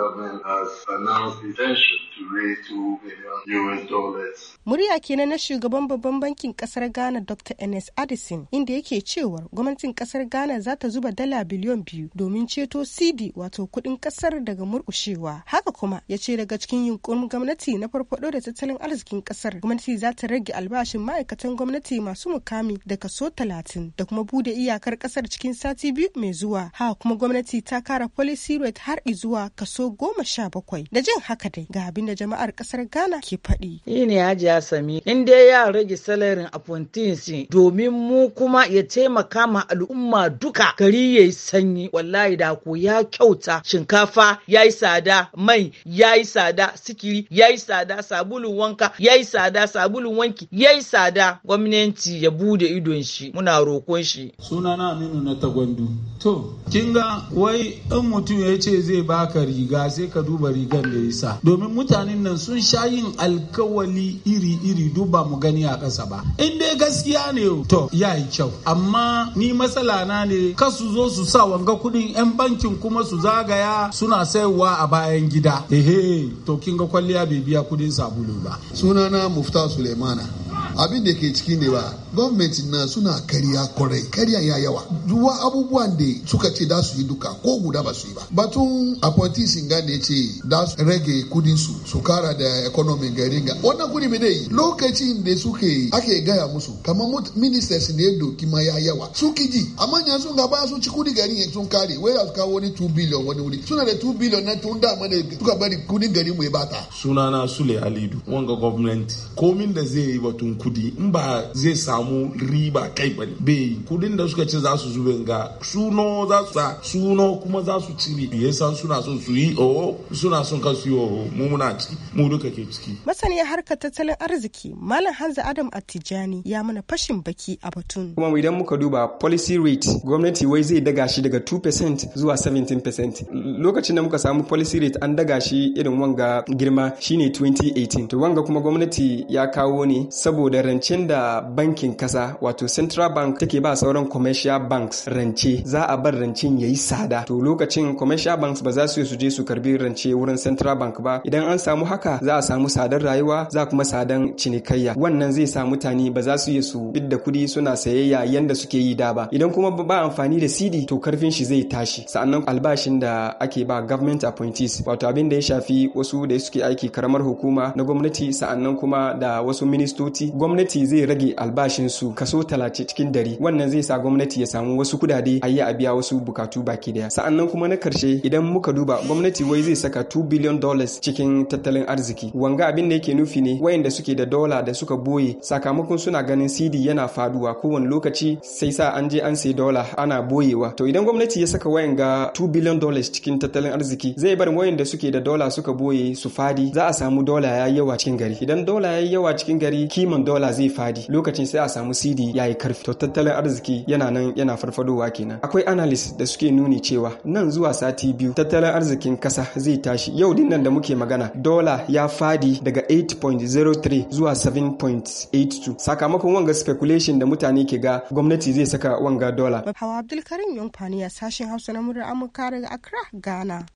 government has announced intention to raise two billion US dollars. Murya kenan na shugaban babban bankin kasar Ghana Dr. Enes Addison inda yake cewar gwamnatin kasar Ghana za ta zuba dala biliyon biyu domin ceto CD wato kuɗin kasar daga murkushewa. Haka kuma ya ce daga cikin yunkurin gwamnati na farfado da tattalin arzikin kasar gwamnati za ta rage albashin ma'aikatan gwamnati masu mukami da kaso talatin da kuma bude iyakar kasar cikin sati biyu mai zuwa. Haka kuma gwamnati ta kara policy rate har zuwa kaso kaso goma sha bakwai da jin haka dai ga abin da jama'ar kasar ghana ke faɗi. Ina ne hajiya sami in dai ya rage salarin apprentice domin mu kuma ya taimaka ma al'umma duka gari ya yi sanyi wallahi da ko ya kyauta shinkafa ya yi tsada mai ya yi tsada sikiri ya yi tsada sabulu wanka ya yi tsada sabulu wanki ya yi tsada gwamnati ya bude idon shi muna roƙon shi. sunana aminu na tagwandu to kinga wai in mutum ya ce zai baka riga riga sai ka duba rigar da ya sa domin mutanen nan sun sha yin alkawali iri-iri duba mu gani a ƙasa ba in dai gaskiya ne to ya yi kyau amma ni matsala na ne Ka su zo su sa wanga kudin 'yan bankin kuma su zagaya suna sayarwa a bayan gida ehe to kin kwalliya bai biya kudin sabulu ba sunana mufta suleimana Mm. abin da ke ciki ne ba gwamnati na suna kariya kwarai kariya ya yawa duwa abubuwan da suka ce da su yi duka ko guda ba su yi ba batun appointee singa ne ce da su rage kudin su su kara da economy garin ga wannan kudi mai dai lokacin da suke ake gaya musu kamar ministers ne doki ma ya yawa su kiji amma yanzu sun gaba su ci kudi garin sun kare wai su kawo wani 2 billion wani wuri suna da 2 billion na tun da mana suka bari kudin garin mu ya bata sunana sule alidu wanga gwamnati komin da zai yi batun kudi in ba zai samu riba kai bane bai kudin da suka ce za su zube ga suno za su sa suno kuma za su cire ya san suna son su yi o suna son kan su yi o mu muna ciki mu duka ke ciki masaniya harkar tattalin arziki malam Hanza Adam Attijani ya mana fashin baki a batun kuma idan muka duba policy rate gwamnati wai zai daga shi daga 2% zuwa 17% lokacin da muka samu policy rate an daga shi irin wanga girma shine 2018 to wanga kuma gwamnati ya kawo ne saboda da rancen da bankin kasa wato central bank take ba sauran commercial banks rance za a bar rancen ya yi sada to lokacin commercial banks ba za su su je su karbi rance wurin central bank ba idan an samu haka za a samu sadar rayuwa za kuma tsadan cinikayya wannan zai sa mutane ba za su su su da kudi suna sayayya yanda suke yi da ba idan kuma ba amfani da cd to karfin shi zai tashi sa'annan albashin da ake ba government appointees wato abin da ya shafi wasu da suke aiki karamar hukuma na gwamnati sa'annan kuma da wasu ministoci gwamnati zai rage albashin su kaso 30 cikin dari wannan zai sa gwamnati ya samu wasu kudade a yi a biya wasu bukatu baki daya sa'annan kuma na karshe idan muka duba gwamnati wai zai saka 2 billion dollars cikin tattalin arziki wanga abin da yake nufi ne wayanda suke da dola da suka boye sakamakon suna ganin cd yana faduwa kowane lokaci sai sa an je an sai dola ana boyewa to idan gwamnati ya saka wayan ga 2 billion dollars cikin tattalin arziki zai bar wayanda suke da dola suka boye su fadi za a samu dola ya yawa cikin gari idan dola ya yawa cikin gari kiman dola zai fadi lokacin sai a samu cd yi karfi to tattalin arziki yana nan yana farfadowa kenan akwai analyst da suke nuni cewa nan zuwa sati biyu tattalin arzikin kasa zai tashi yau din nan da muke magana dola ya fadi daga 8.03 zuwa 7.82 sakamakon wanga speculation da mutane ke ga gwamnati zai saka wanga dola. Hawa Abdulkarim Yunfani ya sashen Hausa na murar Amurka daga Accra, Ghana.